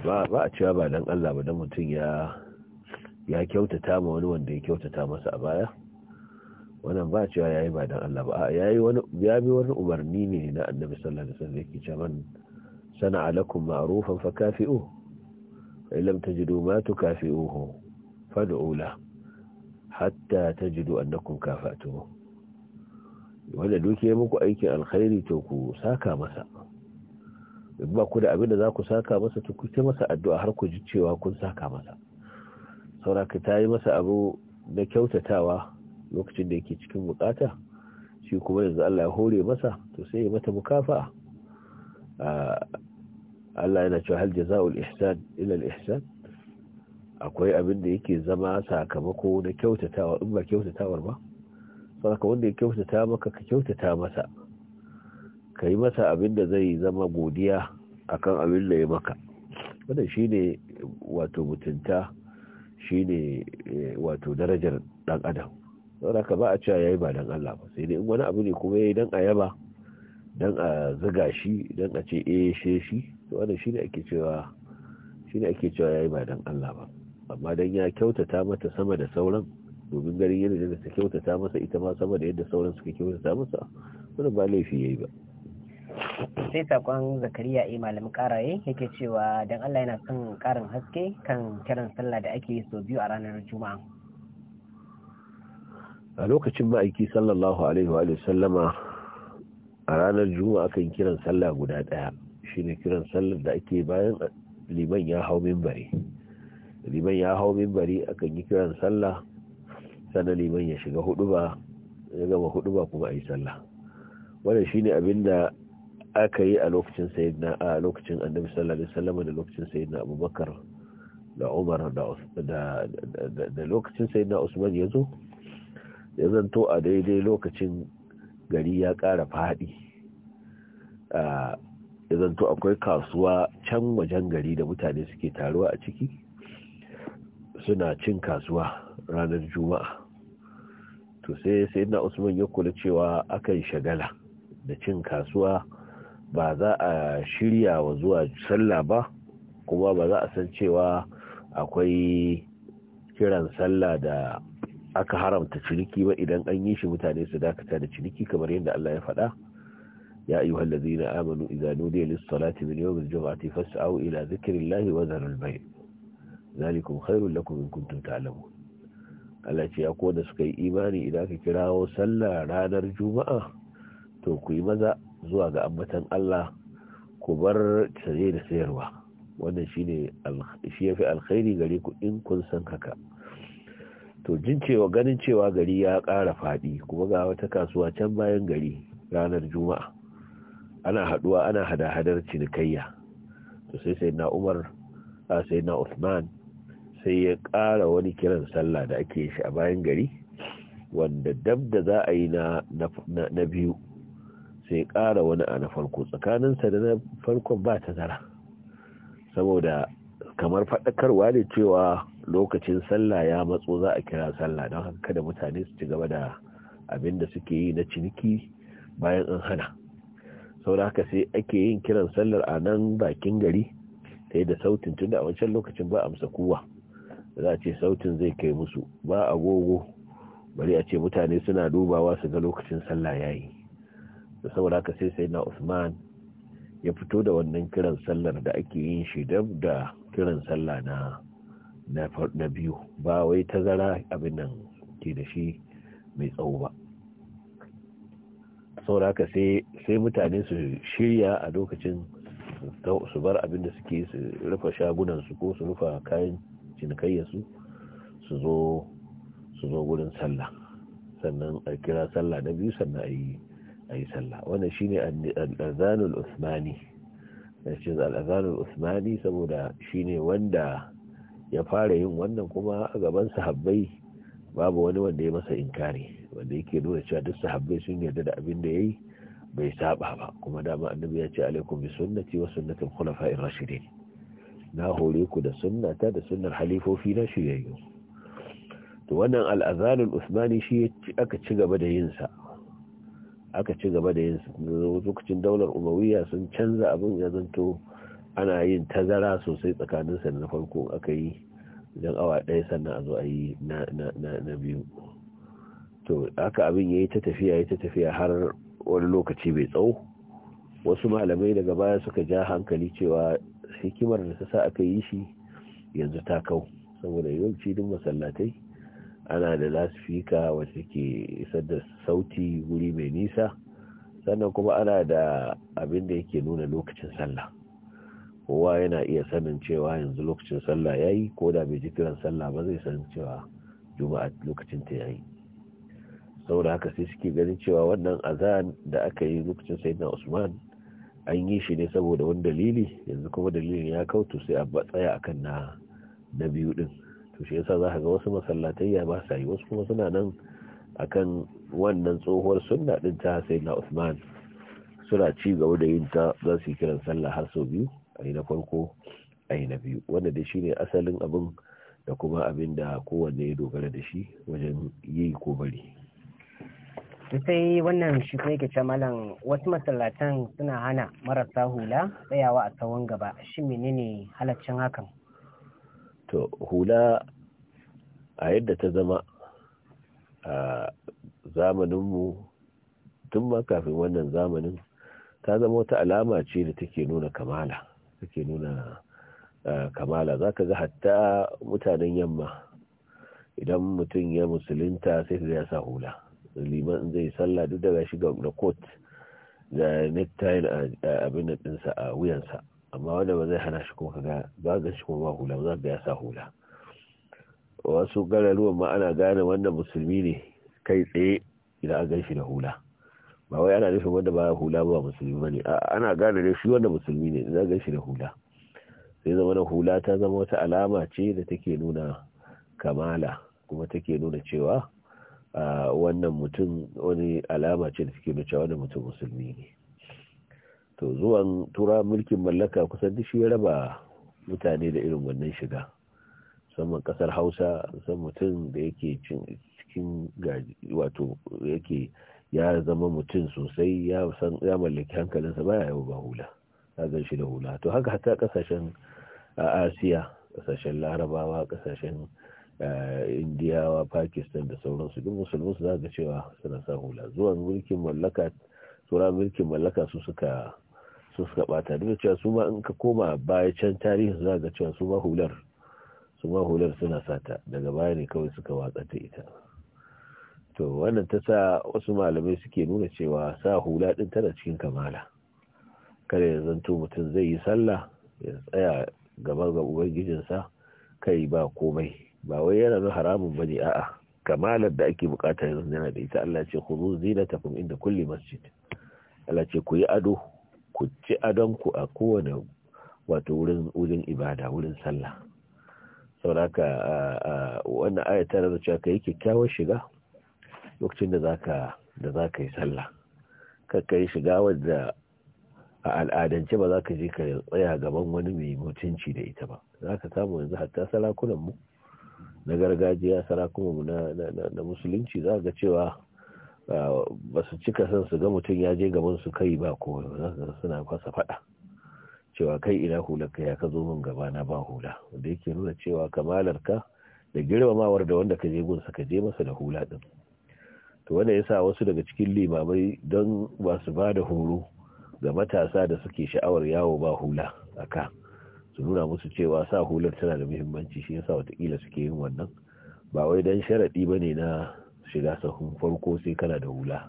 ba a cewa ba don Allah ba don mutum ya kyautata ma wani wanda ya kyautata masa a baya wannan ba a cewa ya yi ba don Allah ba ya yi wani umarni ne na annabi sallallahu alaihi wasallam yake cewa sana alakum ma'rufan fa kafi'u fa lam tajidu ma tukafi'uhu fad'u lahu hatta tajidu annakum kafatuhu wanda duke ya muku aikin alkhairi to ku saka masa in ba ku da abin da za ku saka masa to ku ta masa addu'a har ku ji cewa kun saka masa ka ta yi masa abu na kyautatawa lokacin da yake cikin bukata shi kuma yanzu Allah ya hore masa to sai ya mata mukafa Allah yana cewa hal jaza'ul ihsan ila al ihsan akwai abin da yake zama sakamako na kyautatawa in ba kyautatawar ba saka wanda ya kyautata maka ka kyautata masa ka yi masa abin da zai zama godiya akan abin da ya maka shi shine wato mutunta shine eh, wato darajar dan adam wanda ka ba a cewa yi ba dan Allah ba sai dai wani abu ne kuma ya yi dan yaba dan a zuga shi dan a ce eh she shi wanda shi shine ake cewa ne ake cewa yi ba dan Allah ba amma dan ya kyautata mata sama da sauran domin garin yadda da ta kyautata masa ita ma sama da yadda sauran suka kyautata masa wani ba laifi yayi ba sai sakon zakariya a malamin karaye yake cewa dan allah yana son karin haske kan kiran sallah da ake yi sau biyu a ranar juma'a a lokacin ma'aiki sallallahu alaihi wa sallama a ranar juma'a kan kiran sallah guda daya shine kiran sallar da ake bayan liman ya hau mimbari liman ya hau mimbari akan yi kiran sallah sanani liman ya shiga hudu ba ya gama hudu ba kuma a yi sallah shi shine abin da aka yi a lokacin sayyidina a lokacin annabi sallallahu alaihi wasallam da lokacin sayyidina abubakar da umar da da lokacin sayyidina usman ya zo ya zanto a daidai lokacin gari ya kara fadi ya zanto akwai kasuwa can wajen gari da mutane suke taruwa a ciki suna cin kasuwa ranar juma'a to sai sai na usman ya kula cewa akan shagala da cin kasuwa ba za a shirya wa zuwa sallah ba kuma ba za a san cewa akwai kiran sallah da aka haramta ciniki ba idan an yi shi mutane su dakata da ciniki kamar yadda Allah ya faɗa ya ayyuha allazina amanu idza nudiya lis-salati min yawm al-jum'ati fas'au ila dhikrillahi wa dharul bay' dhalikum khairul lakum in kuntum ta'lamun Allah ce ya ko da suka yi imani idan ka kirawo sallah ranar juma'a to ku yi maza zuwa ga ambatan Allah ku bar tsaye da sayarwa wannan ne shi fi alkhairi gare ku in kun san haka to jin cewa ganin cewa gari ya ƙara faɗi kuma ga wata kasuwa can bayan gari ranar juma'a ana haɗuwa ana hada-hadar cinikayya to sai sai na umar ah, sai na Uthman sai ya ƙara wani kiran sallah da ake shi a bayan gari wanda dab da za a yi na biyu sai ƙara wani a na farko tsakanin sa da na farkon ba ta zara saboda kamar faɗakarwa ne cewa lokacin sallah ya matso za a kira sallah don haka kada mutane su ci gaba da abin da suke yi na ciniki bayan an hana saboda haka sai ake yin kiran sallar a nan bakin gari ta da sautin tun da a wancan lokacin ba amsa kowa za a ce sautin zai kai musu ba agogo bari a ce mutane suna dubawa su ga lokacin sallah yayi da saboda haka sai sai na Usman ya fito da wannan kiran sallar da ake yin shi dab da kiran sallah na na biyu ba wai tazara abin nan ke da shi mai tsawo ba saboda haka sai mutane su shirya a lokacin su bar abin da suke su rufe shagunansu ko su rufa kayan cinikayyarsu su zo su sallah sannan a kira sallah na biyu sannan a yi a yi sallah wannan shine al'azanul usmani shi al'azanul usmani saboda shine wanda ya fara yin wannan kuma a gaban sahabbai babu wani wanda ya masa inkari wanda yake nuna cewa duk sahabbai sun yarda da abin da ya yi bai saba ba kuma dama annabi ya ce alaikum bi sunnati wa sunnatul khulafa'ir rashidin na hore ku da ta da sunnar halifofi na shiryayyu to wannan al'azanin usmani shi aka ci gaba da yin sa aka ci gaba da yin lokacin daular umawiya sun canza abin ya zanto ana yin tazara sosai tsakanin sa na farko aka yi don awa ɗaya sannan a zo a yi na biyu to haka abin ya yi ta tafiya ya ta tafiya har wani lokaci bai tsawo wasu malamai daga baya suka ja hankali cewa hikimar da ta sa aka yi shi yanzu ta kau saboda yawanci duk masallatai ana da lasfika wacce ke isar da sauti wuri mai nisa sannan kuma ana da abin da yake nuna lokacin sallah kowa yana iya sanin cewa yanzu lokacin sallah ya yi ko da bai ji kiran sallah ba zai san cewa juma'a lokacin ta ya yi saboda haka sai suke ganin cewa wannan azan da aka yi lokacin sayyidina usman an yi shi ne saboda wani dalili yanzu kuma dalilin ya kautu sai a tsaya akan na na biyu din to shi yasa za ka ga wasu masallatai ya ba sa yi wasu kuma suna nan akan wannan tsohuwar sunna din ta sai na Usman suna ci gaba da yin ta za su yi kiran sallah har sau biyu a yi na farko a yi na biyu wanda dai ne asalin abin da kuma abin da kowanne ya dogara da shi wajen yi ko bari to sai wannan shi kuma yake malam wasu masallatan suna hana marasa hula tsayawa a tsawon gaba shi menene halaccin hakan to hula a yadda ta zama a zamaninmu tun ma kafin wannan zamanin ta zama wata alama ce da take nuna kamala take nuna kamala za ka ga hatta mutanen yamma idan mutum ya musulunta sai ta ya sa hula liman in zai sallah duk daga shi ga kot da necktie a abin da a wuyansa amma wanda ba zai hana shi ko kaga ba ga shi kuma ba hula ba za ga ya sa hula wasu gararuwan ma ana gane wannan musulmi ne kai tsaye idan an gan shi da hula ba wai ana nufin wanda ba hula ba musulmi ba ne ana gane ne shi wanda musulmi ne za gan shi da hula sai zama na hula ta zama wata alama ce da take nuna kamala kuma take nuna cewa wannan mutum wani alama ce da suke nuna cewa wannan mutum musulmi ne to zuwan tura mulkin mallaka kusan duk shi ya raba mutane da irin wannan shiga musamman kasar hausa musamman mutum da yake cikin wato yake ya zama mutum sosai ya mallaki hankalinsa baya yawa ba hula ya zan shi da hula to haka hata kasashen a asiya kasashen larabawa kasashen Eh, indiyawa pakistan da sauransu duk musulmi za ga cewa suna sa hula zuwa mulkin mallaka tsoron mulkin mallaka su suka su suka bata duk cewa su ma in ka koma baya can tarihi za ga cewa su ma hular su ma hular suna sata daga baya ne kawai suka watsa ta ita to wannan ta sa wasu malamai suke nuna cewa sa hula din tana cikin kamala kada ya zanto mutum zai yi sallah ya tsaya gaban ga ubangijinsa kai ba komai ba wai yana zuwa haramun ba ne? a'a kamalar da ake bukata yanzu yana da ita Allah ce khudu zinatakum inda kulli masjid Allah ce ku yi ado ku ci adon ku a kowane wato wurin wurin ibada wurin sallah saboda wannan aya ta da cewa kai kyakkyawar shiga lokacin da zaka da zaka yi sallah ka kai shiga wanda a al'adance ba za ka je ka tsaya gaban wani mai mutunci da ita ba za ka samu yanzu hatta salakunan mu na gargajiya sarakunan na musulunci za ga cewa ba su cika son su ga mutum ya je gaban su kai ba ko suna kwasa faɗa cewa kai ina hula ka ya ka zo min gaba na ba hula wanda yake nuna cewa kamalar ka da girmamawar da wanda ka je gunsa ka je masa da hula din to wanda ya sa wasu daga cikin limamai don ba su ba da horo ga matasa da suke sha'awar yawo ba hula a ka su nuna musu cewa sa hular tana da muhimmanci shi yasa watakila suke yin wannan ba wai dan sharaɗi ba ne na shiga sahun farko sai kana da hula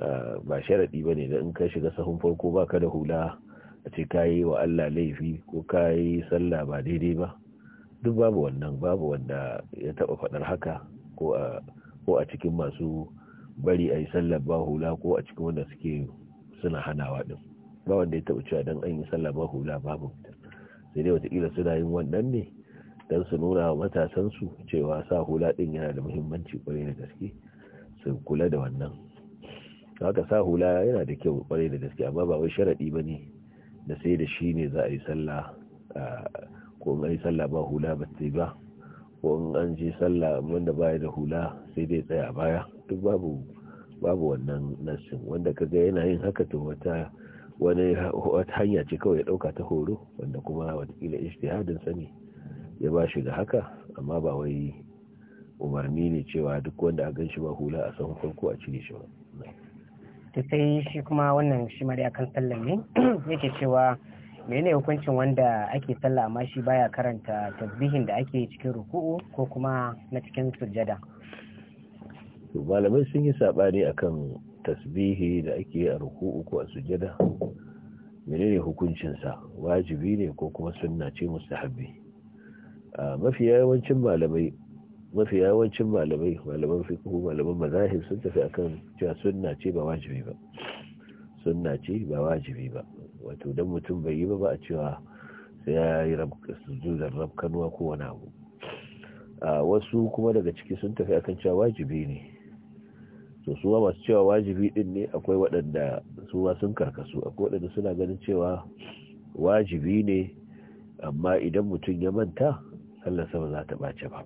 eh, ba sharaɗi ba ne da in ka shiga sahun farko ba ka da hula a ce ka yi wa Allah laifi ko ka yi sallah ba daidai ba duk babu wannan babu wanda ya taba faɗar haka ko a cikin masu bari a yi sallah ba hula ko a cikin wanda suke suna hanawa ɗin ba wanda ya taba cewa don an yi sallah ba hula babu sai dai watakila suna yin wannan ne don su nuna wa matasansu cewa sa hula ɗin yana da muhimmanci kwarai da gaske su kula da wannan haka sa hula yana da kyau kwarai da gaske amma ba wai sharaɗi ba ne da sai da shi ne za a yi sallah ko in an yi sallah ba hula ba sai ba ko in an je sallah wanda baya da hula sai dai tsaya baya duk babu babu wannan nasin wanda kaga yana yin haka to wata wani hanya ce kawai ya ɗauka ta horo wanda kuma watakila ishtihadin sani ya ba shi ga haka amma ba wai umarni ne cewa duk wanda a gan shi ba hula a san farko a cire shi ba ta sai shi kuma wannan shi mara akan sallar ne yake cewa ne hukuncin wanda ake sallah amma shi baya karanta tasbihin da ake cikin ruku'u ko kuma na cikin sujjada malamai sun yi sabani akan tasbihi da ake a ruku'u ko a sujada menene hukuncinsa wajibi ne ko kuma sunna ce mustahabbi mafi yawancin malamai mafi yawancin malamai malaman fiqh malaman mazahib sun tafi akan cewa sunna ce ba wajibi ba sunna ce ba wajibi ba wato dan mutum bai yi ba ba a cewa sai ya yi sujudar kanwa ko wani abu wasu kuma daga ciki sun tafi akan cewa wajibi ne to suwa masu cewa wajibi din ne akwai waɗanda suwa sun karkasu akwai waɗanda suna ganin cewa wajibi ne amma idan mutum ya manta sallar sama za ta ɓace ba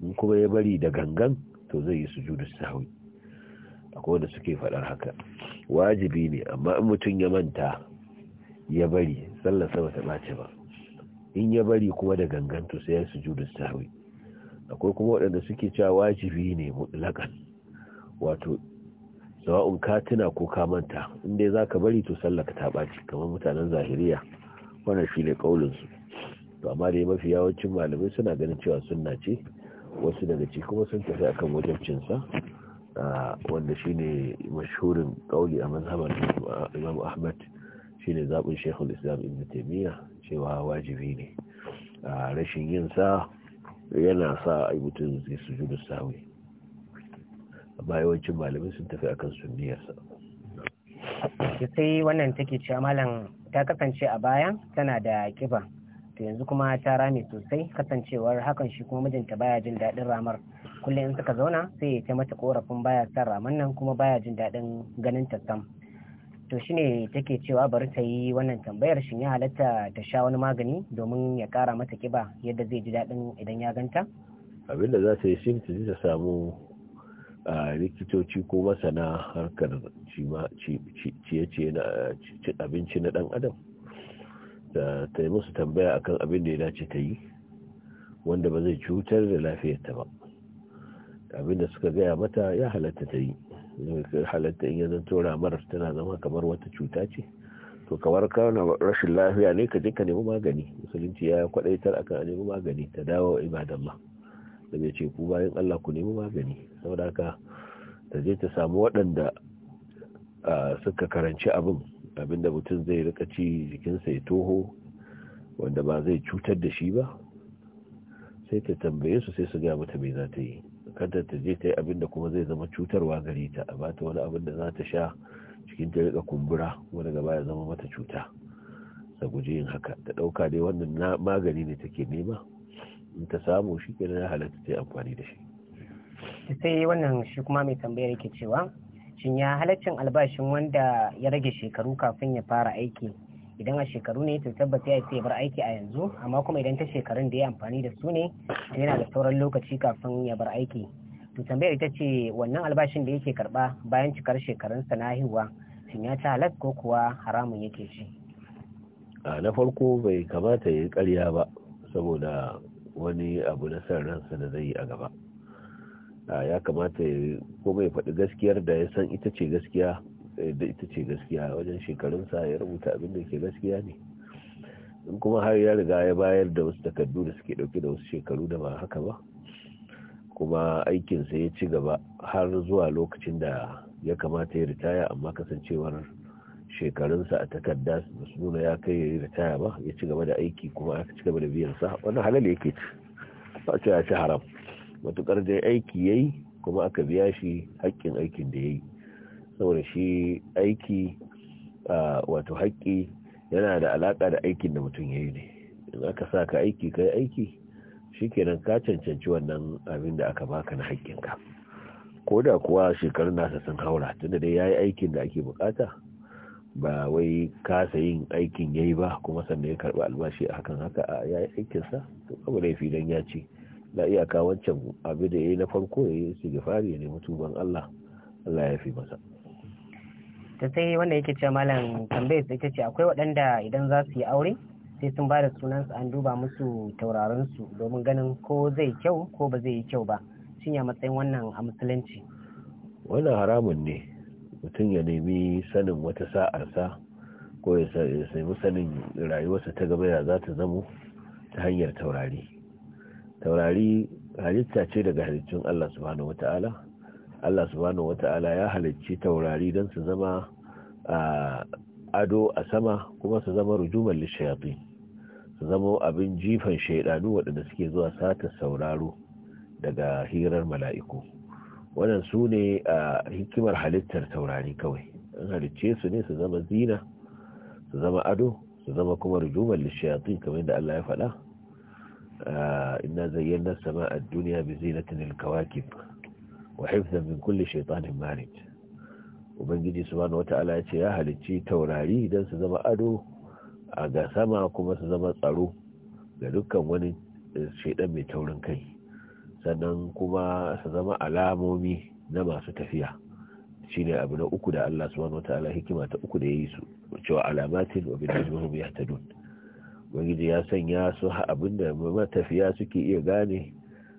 in kuma ya bari da gangan to zai yi sujudu sahwi akwai wanda suke faɗar haka wajibi ne amma in mutum ya manta ya bari sallar sama ta ɓace ba in ya bari kuma da gangan to sai ya sujudu sahwi akwai kuma waɗanda suke cewa wajibi ne mutlakan wato zawa'un katina ko ka manta inda za ka bari to sallaka ta ɓaci kamar mutanen zahiriya wannan shi ne ƙaulinsu to amma da mafi yawancin malamai suna ganin cewa sunna ce wasu daga ci kuma sun tafi akan wajabcinsa wanda shi ne mashhurin ƙauli a mazhabar imam ahmad shi ne zaɓin shekul islam ibn taimiyya cewa wajibi ne rashin yin sa yana sa ai mutum zai sujudu sawi amma malamin sun tafi akan sunniyarsa sai wannan take cewa malam ta kasance a baya tana da kiba to yanzu kuma ta rame sosai kasancewar hakan shi kuma mijinta baya jin daɗin ramar kullum in suka zauna sai ya ta mata korafin baya san ramar nan kuma baya jin daɗin ganin ta sam to shine take cewa bari ta yi wannan tambayar shin ya halatta ta sha wani magani domin ya kara mata kiba yadda zai ji daɗin idan ya ganta abinda za ta yi shi ta samu likitoci ko masana harkar ciye-ciye na abinci na dan adam da ta yi musu tambaya akan abin da ya dace ta yi wanda ba zai cutar da lafiyarta ba abin da suka gaya mata ya halatta ta yi halatta in yanzu tora marar tana zama kamar wata cuta ce to kamar kana rashin lafiya ne ka je nemi magani musulunci ya kwadaitar akan a nemi magani ta dawo ma da bai ce ku bayan Allah ku nemi magani saboda haka ta je ta samu waɗanda suka karanci abin abinda mutum zai rika ci jikinsa ya toho wanda ba zai cutar da shi ba sai ta tambaye su sai su gaya mata mai za ta yi kanta ta je ta yi abin da kuma zai zama cutarwa gari ta a bata wani abin da za ta sha cikin ta rika kumbura wani gaba ya zama mata cuta ta guji yin haka ta ɗauka dai wannan magani ne take nema in ta samu shi kenan ya halatta ta yi amfani da shi sai wannan shi kuma mai tambayar yake cewa shin ya halaccin albashin wanda ya rage shekaru kafin ya fara aiki idan a shekaru ne to tabbas ya ce bar aiki a yanzu amma kuma idan ta shekarun da ya amfani da su ne to yana da sauran lokaci kafin ya bar aiki to tambayar ita ce wannan albashin da yake karba bayan cikar shekarunsa na haihuwa shin ya ci halak ko kuwa haramun yake ci a na farko bai kamata ya yi karya ba saboda wani abu na san ransa da zai yi a gaba ya kamata kuma ya faɗi gaskiyar da ya san ita ce gaskiya eh, da ita ce gaskiya wajen shekarunsa ya rubuta abin da ke gaskiya ne in kuma har ya riga ya bayar da wasu takardu da suke ɗauke da wasu shekaru da ba haka ba kuma aikinsa ya ci gaba har zuwa lokacin da ya kamata ya ritaya amma kasancewar shekarunsa a takarda ba su nuna ya kai ya ritaya ba ya ci gaba da aiki kuma aka ci gaba da biyan sa wani halal yake ci ba ce ya ci haram matukar dai aiki ya yi kuma aka biya shi haƙƙin aikin da ya yi saboda shi aiki wato haƙƙi yana da alaƙa da aikin da mutum ya yi ne in aka sa ka aiki ka yi aiki shi kenan ka cancanci wannan abin da aka baka na haƙƙinka ko da kuwa shekarun nasa sun haura tunda dai ya yi aikin da ake bukata ba wai kasa yin aikin ya yi ba kuma sannan ya karɓi albashi a hakan haka a yi aikinsa to abu laifi don ya ce na iyaka wancan abu da ya yi na farko ya yi gifari ne mutu ban Allah Allah ya fi masa ta sai wanda yake ce malam tambayar sai ta ce akwai waɗanda idan za su yi aure sai sun ba da sunansu an duba musu taurarinsu domin ganin ko zai kyau ko ba zai yi kyau ba shin ya matsayin wannan a musulunci wannan haramun ne mutum ya nemi sanin wata sa'arsa ko ya sai sanin rayuwarsa ta gaba ya za ta zamo ta hanyar taurari taurari halitta ce daga halittun Allah subhanahu wata'ala Allah subhanahu wata'ala ya halicci taurari don su zama ado a sama kuma su zama rujumar lishayafi su zama abin jifan shaidanu waɗanda suke zuwa sata sauraro daga hirar mala'iku wannan su ne a hikimar halittar taurari kawai an halicce su ne su zama zina su zama ado su zama kuma rujumar lishayafi kamar da Allah ya faɗa إنا زينا السماء الدنيا بزينة الكواكب وحفظا من كل شيطان مارد ya سبحانه وتعالى يا هلتشي توراري دان سزما ga sama kuma كما سزما tsaro ga dukkan wani shaidan mai taurin kai sannan kuma su zama alamomi na masu tafiya shine abu na uku da Allah subhanahu wataala hikima ta uku da ya yi su cewa alamatin wa bi najmihum yahtadun ubangiji ya sanya su abinda matafiya suke iya gane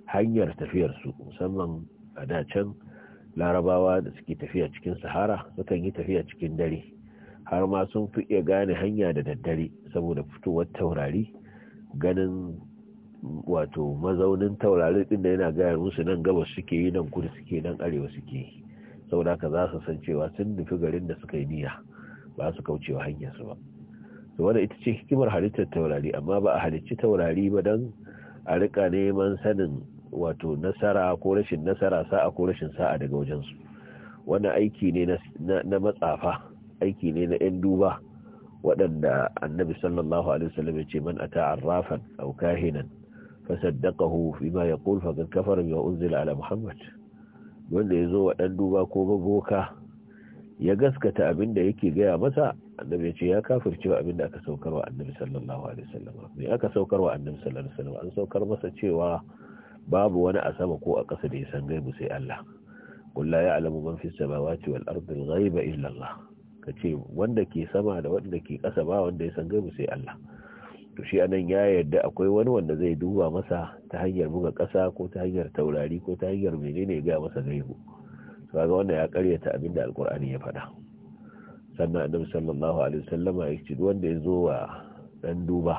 hanyar tafiyarsu musamman a dacen larabawa da suke tafiya cikin sahara sukan yi tafiya cikin dare har ma sun fi iya gane hanya da daddare saboda fitowar taurari ganin wato mazaunin taurari din da yana gaya musu nan gabas suke yi nan kudu suke nan arewa suke yi saboda haka za su san cewa sun nufi garin da suka yi niyya ba su kaucewa hanyarsu ba to ita ce hikimar halittar taurari amma ba a halicci taurari ba don a rika neman sanin wato nasara ko rashin nasara sa'a ko rashin sa'a daga wajensu wannan aiki ne na matsafa aiki ne na 'yan duba waɗanda annabi sallallahu alaihi wasallam ya ce man ata arrafan aw kahinan fasaddaqahu bima yaqul faqad kafara bima unzila ala muhammad wanda yazo wa dan duba ko baboka ya gaskata abin da yake gaya masa annabi ya ce ya abin abinda aka saukar wa annabi sallallahu alaihi wasallam ne aka saukar wa annabi sallallahu alaihi wasallam an saukar masa cewa babu wani a sama ko a ƙasa da ya san gaibu sai Allah qul la ya'lamu man fis samawati wal ardi al ghaiba illa Allah kace wanda ke sama da wanda ke ƙasa ba wanda ya san gaibu sai Allah to shi anan ya yarda akwai wani wanda zai duba masa ta hanyar buga ƙasa ko ta hanyar taurari ko ta hanyar menene ya ga masa gaibu to kaga wanda ya karyata abinda alqur'ani ya faɗa sannan annabi sallallahu alaihi wasallama ya ce wanda ya zo wa dan duba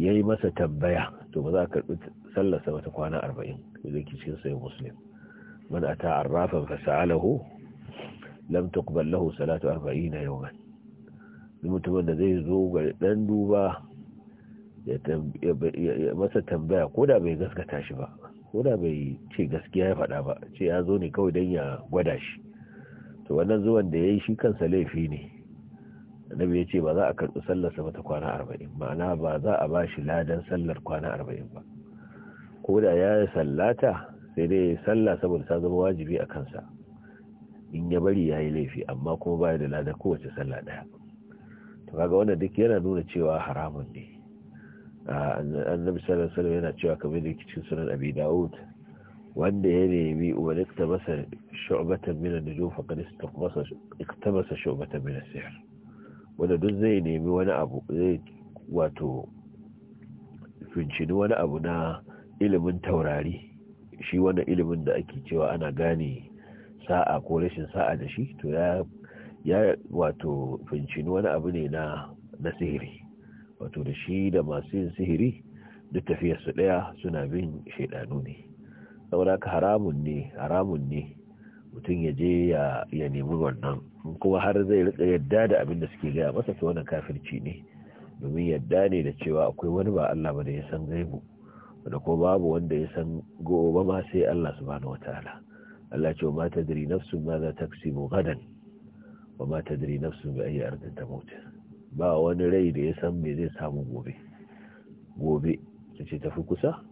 yayi masa tambaya to ba za ka karbi sallar sa wata kwana 40 zai ki cikin sai muslim man ata arrafa fa sa'alahu lam tuqbal lahu salatu 40 yawman mutumin da zai zo ga dan duba ya masa tambaya ko da bai gaskata shi ba ko da bai ce gaskiya ya faɗa ba ce ya zo ne kawai dan ya gwada shi to wannan zuwan da ya yi shi kansa laifi ne annabi ya ce ba za a karɓi sallarsa ba ta kwana arba'in ma'ana ba za a ba shi ladan sallar kwana arba'in ba ko da ya yi sallata sai dai ya salla saboda ta zama wajibi a kansa in ya bari ya yi laifi amma kuma ba da ladan kowace salla ɗaya to kaga wannan duk yana nuna cewa haramun ne annabi sallallahu alaihi yana cewa kamar da cikin sunan abi Da'ud. wanda ya nemi wa iktabasa shu'batan min an-nujum faqad istabasa iktabasa shu'batan min as-sihr wanda duk zai nemi wani abu zai wato fincini wani abu na ilimin taurari shi wani ilimin da ake cewa ana gane sa'a ko rashin sa'a da shi to ya ya wato fincini wani abu ne na na sihiri wato da shi da masu yin sihiri duk tafiyarsu ɗaya suna bin shaidanu ne saboda ka haramun ne haramun ne mutum ya je ya nemi wannan kuma har zai rika yadda da abin da suke gaya masa to wannan kafirci ne domin yadda ne da cewa akwai wani ba Allah ba da ya san gaibu da ko babu wanda ya san gobe ma sai Allah subhanahu wataala Allah ce ma diri nafsun ma za ta kasibu wa ma nafsun ayi ardin ba wani rai da ya san me zai samu gobe gobe ce tafi kusa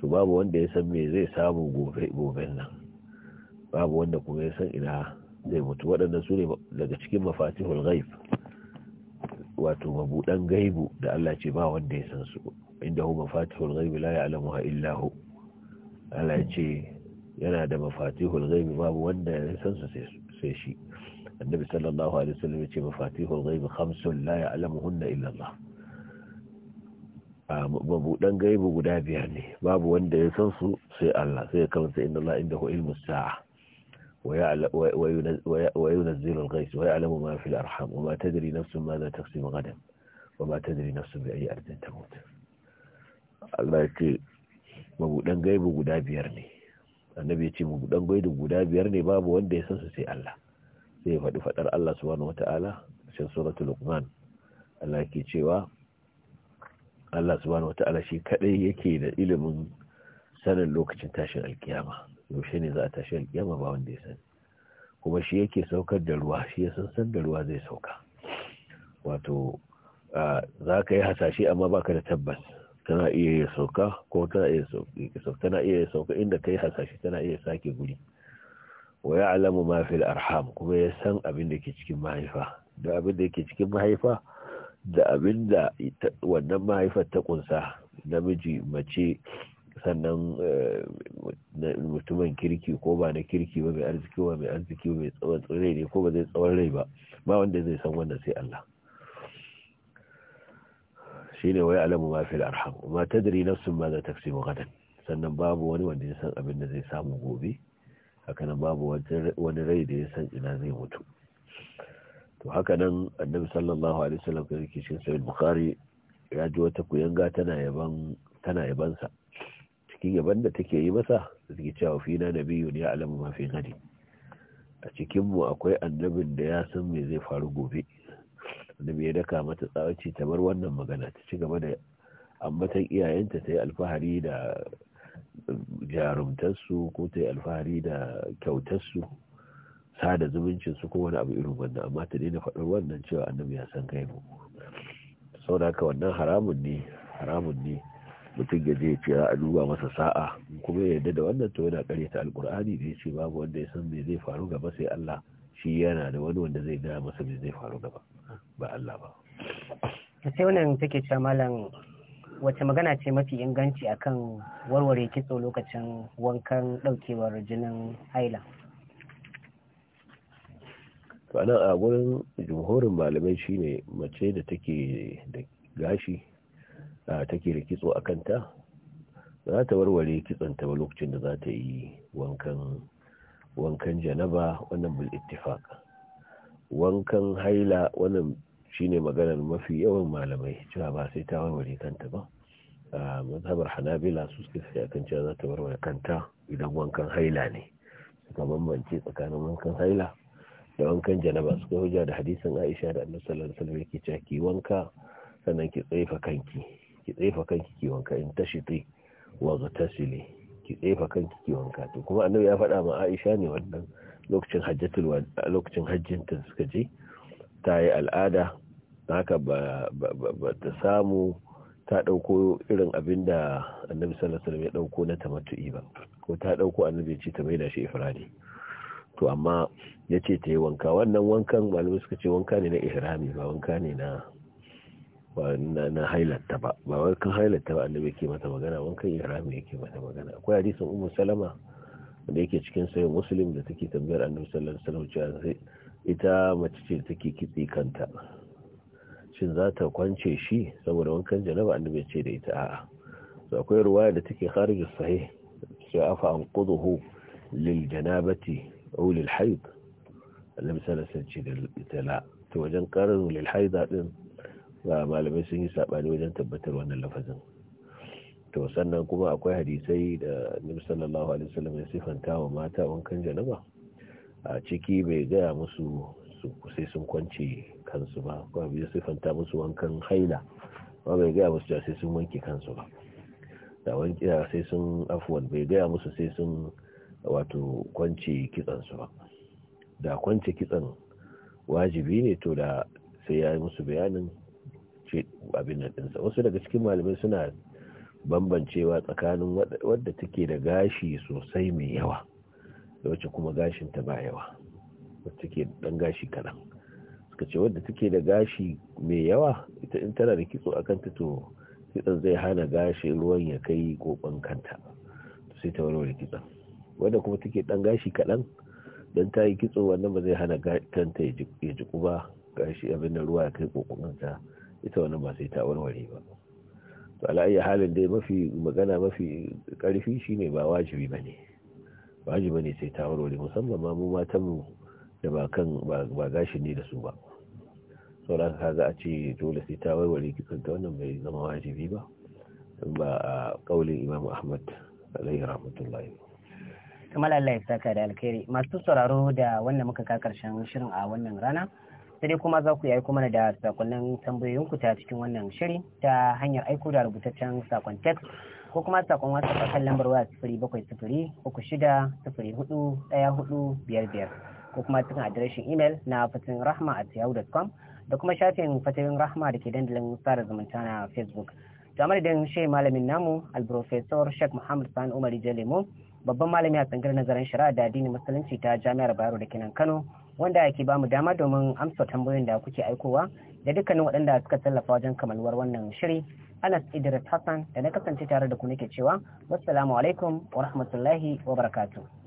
to babu wanda ya san me zai samu goben nan babu wanda kuma ya san ina zai mutu waɗanda su ne daga cikin mafati hulgaif wato mabuɗan gaibu da Allah ce ba wanda ya san su inda hu mafati hulgaif la alamu illa hu Allah ce yana da mafatihul hulgaif babu wanda ya san su sai shi annabi sallallahu alaihi wasallam ya ce mafatihul hulgaif khamsun la hunna illa Allah mabudan gaibu guda biyar ne babu wanda ya san su sai Allah sai ya kamata inna Allah inda ilmu sa'a wa yunazzilu al-ghayth wa ya'lamu ma al arham wa ma tadri nafsun ma za taksibu ghadan wa ma tadri nafsun bi ayyi ardin tamut Allah ce mabudan gaibu guda biyar ne annabi ya ce mabudan gaibu guda biyar ne babu wanda ya san su sai Allah sai ya faɗi faɗar Allah subhanahu wata'ala cikin suratul luqman Allah yake cewa Allah subhanahu ta'ala shi kadai yake da ilimin sanin lokacin tashin alkiyama yaushe ne za a tashi alkiyama ba wanda ya sani kuma shi yake saukar da ruwa shi ya san san da ruwa zai sauka wato za ka yi hasashe amma baka da tabbas tana iya ya sauka ko tana iya sauka tana iya ya sauka inda yi hasashe tana iya sake guri wa ya'lamu ma fil arham kuma ya san abin da ke cikin mahaifa da abin da yake cikin mahaifa da abin da wannan mahaifar ta kunsa namiji mace sannan eh, mutumin kirki ko ba na kirki ba mai arziki ba mai arziki ba mai tsawon rai ne ko ba zai tsawon rai ba ba wanda zai san wannan sai Allah shine wai alamu ma fil arham ma tadri nafsun ma za ta fi gadan sannan babu wani wanda ya san abin da zai samu gobe hakanan babu wani rai da ya san ina zai mutu to haka nan annabi sallallahu alaihi wasallam kai yake cikin sahih bukhari ya ji wata kuyanga tana yaban tana yabansa cikin yaban da take yi masa suke cewa fi na nabiyyu ya alamu ma fi gadi a cikin mu akwai annabin da ya san me zai faru gobe annabi ya daka mata tsawaci ta bar wannan magana ta ci gaba da ambatan iyayenta ta yi alfahari da jarumtarsu ko ta yi alfahari da kyautarsu sada zumuncin su ko wani abu irin wannan amma ta daina faɗar wannan cewa annabi ya san kai sau saboda haka wannan haramun ne haramun ne mutum ya je ya ce a duba masa sa'a kuma ya yarda da wannan to yana karyata alkur'ani da ya ce babu wanda ya san me zai faru gaba sai Allah shi yana da wani wanda zai gaya masa me zai faru gaba ba Allah ba sai wannan take cewa malam wace magana ce mafi inganci akan warware kitso lokacin wankan daukewar jinin haila to anan a gurin jumhurin malamai shine mace da take da gashi take da kitso a kanta za ta warware kitsonta ba lokacin da za ta yi wankan wankan janaba wannan bil ittifaq wankan haila wannan shine maganar mafi yawan malamai cewa ba sai ta warware kanta ba a mazhabar hanabila su suke sai akan cewa za ta warware kanta idan wankan haila ne suka bambance tsakanin wankan haila da wankan janaba suka hujja da hadisin Aisha da Annabi sallallahu alaihi wasallam yake cewa ki wanka sannan ki tsefa kanki ki tsefa kanki ki wanka in tashiti wa zatasili ki tsefa kanki ki wanka to kuma Annabi ya faɗa ma Aisha ne wannan lokacin hajjatul lokacin hajjin ta suka je ta yi al'ada haka ba ta samu ta ɗauko irin abin da annabi sallallahu alaihi wasallam ya ɗauko na tamattu'i ba ko ta ɗauko annabi ce ta maida shi ifradi to amma ya ce ta yi wanka wannan wankan malamai suka ce wanka ne na ihrami ba wanka ne na na ba ba wankan hailata ba annabi yake mata magana wankan ihrami yake mata magana akwai hadisin ummu salama da yake cikin sai muslim da take tambayar annabi sallallahu alaihi wasallam sai ita mace ce take kitse kanta shin za ta kwance shi saboda wankan janaba annabi ya ce da ita a'a to akwai ruwaya da take kharijus sahih cewa afa anquduhu lil janabati ulil haid annabi sallallahu alaihi da ita la wajen karin ulil haid din malamai sun yi saɓani wajen tabbatar wannan lafazin to sannan kuma akwai hadisai da annabi sallallahu alaihi wasallam ya sifanta wa mata wankan janaba a ciki bai gaya musu sai sun kwance kansu ba kuma bai sifanta musu wankan haila ba bai gaya musu sai sun wanke kansu ba da wanke sai bai gaya musu sai sun wato kwance su ba da kwance kitsan wajibi ne to da sai ya yi musu bayanin abin da ɗinsa wasu daga cikin malamai suna bambancewa tsakanin wadda take da gashi sosai mai yawa da wacce kuma gashinta ba yawa wacce take dan gashi kaɗan suka ce wadda take da gashi mai yawa ita in tana da kitso akan ta to kitsan zai hana gashi ruwan ya kai kokon kanta sai ta warware kitsan wanda kuma take dan gashi kaɗan don ta yi kitso wannan ba zai hana kanta ya jiku ba gashi abin da ruwa ya kai kokonanta ita wannan ba sai ta warware ba to ala'ayyar halin dai mafi magana mafi karfi shine ba wajibi ba ne wajibi ne sai ta warware musamman ma mu mu da ba kan ba gashi ne da su ba da ka za a ce dole sai ta warware kitson ta wannan bai zama wajibi ba ba a kaulin imam ahmad alaihi rahmatullahi kamar Allah ya saka da alkhairi masu sauraro da wannan muka ka karshen shirin a wannan rana sai dai kuma za ku yi aiko mana da sakonnin tambayoyin ku ta cikin wannan shiri ta hanyar aiko da rubutaccen sakon text ko kuma sakon whatsapp kan lambar waya sifiri bakwai sifiri uku shida sifiri hudu ɗaya hudu biyar biyar ko kuma cikin adireshin email na fatin rahma at yahoo.com da kuma shafin fatin rahma da ke dandalin sada zumunta na facebook to amma shehu malamin namu alprofesor sheikh muhammad sani umar jalemu babban malami a tsangar nazarin shari'a da addinin musulunci ta jami'ar bayero da kenan kano wanda ke bamu dama domin amsa tambayoyin da kuke aikowa da dukkanin waɗanda suka tallafa wajen kamalwar wannan shiri anas idris hassan da na kasance tare da ku nake cewa wassalamu alaikum wa rahmatullahi wa barakatuh